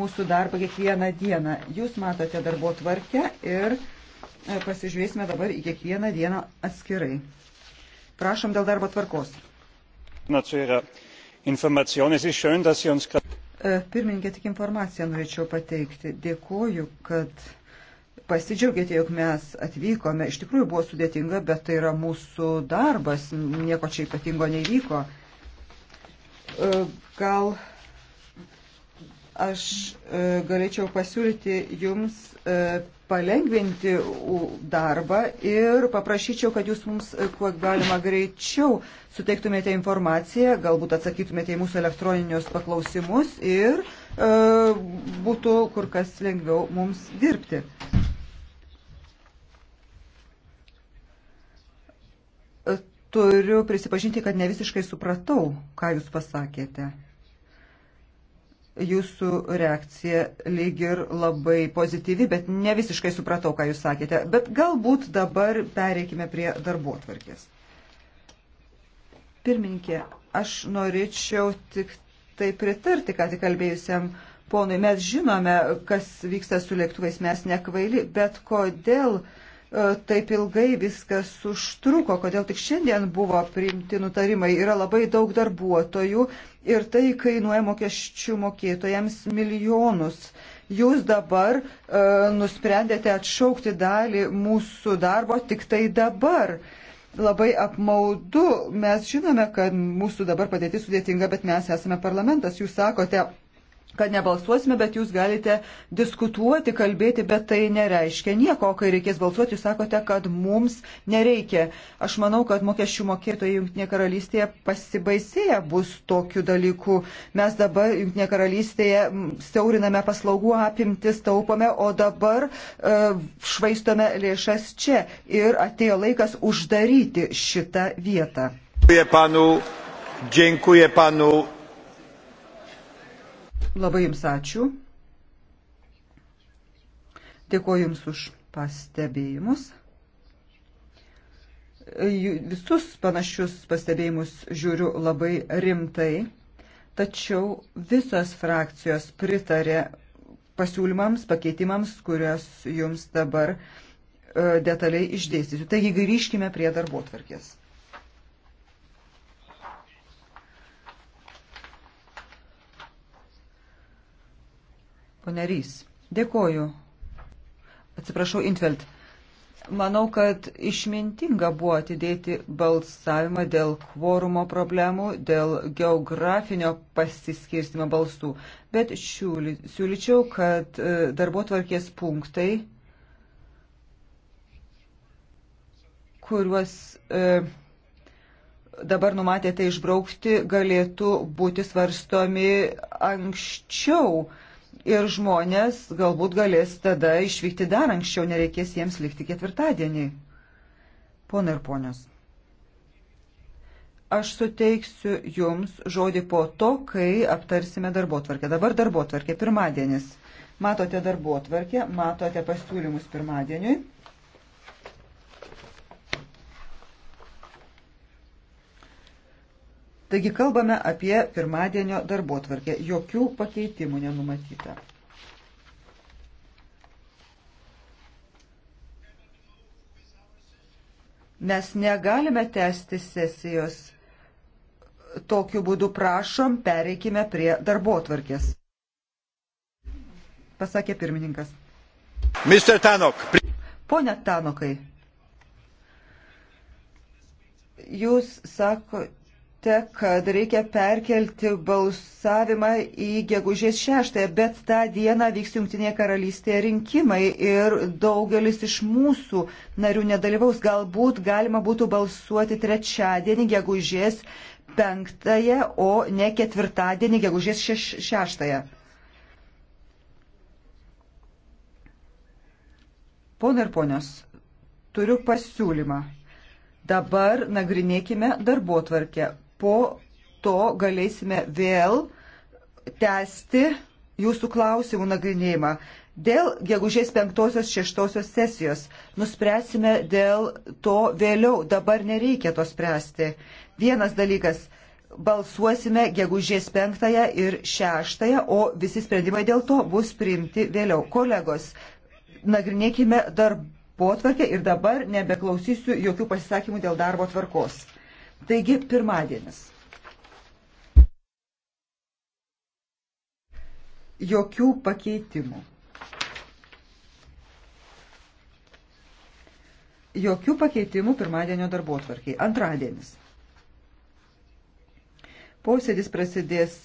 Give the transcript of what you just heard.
mūsų darbą kiekvieną dieną. Jūs matote darbo tvarkę ir e, pasižiūrėsime dabar į kiekvieną dieną atskirai. Prašom dėl darbo tvarkos. E, pirmininkė, tik informaciją norėčiau pateikti. Dėkuoju, kad pasidžiaugėte, jog mes atvykome. Iš tikrųjų buvo sudėtinga, bet tai yra mūsų darbas. Nieko čia ypatingo nevyko. E, gal Aš e, galėčiau pasiūlyti jums e, palengvinti darbą ir paprašyčiau, kad jūs mums e, kuo galima greičiau suteiktumėte informaciją, galbūt atsakytumėte į mūsų elektroninius paklausimus ir e, būtų kur kas lengviau mums dirbti. Turiu prisipažinti, kad ne visiškai supratau, ką jūs pasakėte. Jūsų reakcija lyg ir labai pozityvi, bet ne visiškai supratau, ką jūs sakėte. Bet galbūt dabar pereikime prie darbo atvarkės. Pirminkė, aš norėčiau tik tai pritarti, ką tik kalbėjusiam ponui. Mes žinome, kas vyksta su lėktuvais, mes nekvaili, bet kodėl uh, E, taip ilgai viskas užtruko, kodėl tik šiandien buvo priimti nutarimai. Yra labai daug darbuotojų ir tai kainuoja mokesčių mokėtojams milijonus. Jūs dabar e, nusprendėte atšaukti dalį mūsų darbo tik tai dabar. Labai apmaudu, mes žinome, kad mūsų dabar padėtis sudėtinga, bet mes esame parlamentas. Jūs sakote, kad nebalsuosime, bet jūs galite diskutuoti, kalbėti, bet tai nereiškia nieko, kai reikės balsuoti, jūs sakote, kad mums nereikia. Aš manau, kad mokesčių mokėtojai Junktinėje karalystėje pasibaisėję bus tokiu dalyku. Mes dabar Junktinėje karalystėje siauriname paslaugų apimtis, taupome, o dabar e, švaistome lėšas čia. Ir atėjo laikas uždaryti šitą vietą. Dziękuję panu, dziękuję panu Labai Jums ačiū. Dėkuoju Jums už pastebėjimus. Visus panašius pastebėjimus žiūriu labai rimtai, tačiau visos frakcijos pritarė pasiūlymams, pakeitimams, kuriuos Jums dabar e, detaliai išdėstysiu. Taigi grįžkime prie darbo tvarkės. Pone Rys, dėkoju. Atsiprašau, Intvelt. Manau, kad išmintinga buvo atidėti balsavimą dėl kvorumo problemų, dėl geografinio pasiskirstimo balsų, bet šiūly, siūlyčiau, kad e, darbo tvarkės punktai kuriuos e, dabar numatėte tai išbraukti, galėtų būti svarstomi anksčiau ir žmonės galbūt galės tada išvykti dar anksčiau, nereikės jiems likti ketvirtadienį. Pona ir ponios, aš suteiksiu jums žodį po to, kai aptarsime darbo tvarkę. Dabar darbo tvarkė pirmadienis. Matote darbo tvarkę, matote pasiūlymus pirmadieniui. Taigi kalbame apie pirmadienio darbo tvarkę. Jokių pakeitimų nenumatyta. Mes negalime tęsti sesijos. Tokiu būdu prašom, pereikime prie darbo tvarkės. Pasakė pirmininkas. Mr. Tanok. Pone Tanokai, jūs sakote minėjote, kad reikia perkelti balsavimą į gegužės šeštąją, bet tą dieną vyks Junktinėje karalystėje rinkimai ir daugelis iš mūsų narių nedalyvaus. Galbūt galima būtų balsuoti trečiadienį gegužės penktąją, o ne ketvirtadienį gegužės šeš, šeštąją. Pone ir ponios, turiu pasiūlymą. Dabar nagrinėkime darbo tvarkę po to galėsime vėl tęsti jūsų klausimų nagrinėjimą. Dėl gegužės 5-6 sesijos nuspręsime dėl to vėliau, dabar nereikia to spręsti. Vienas dalykas - balsuosime gegužės 5 ir 6, o visi sprendimai dėl to bus priimti vėliau. Kolegos, nagrinėkime darbo tvarkę ir dabar nebeklausysiu jokių pasisakymų dėl darbo tvarkos. Taigi pirmadienis. Jokių pakeitimų. Jokių pakeitimų pirmadienio darbo tvarkiai. Antradienis. Posėdis prasidės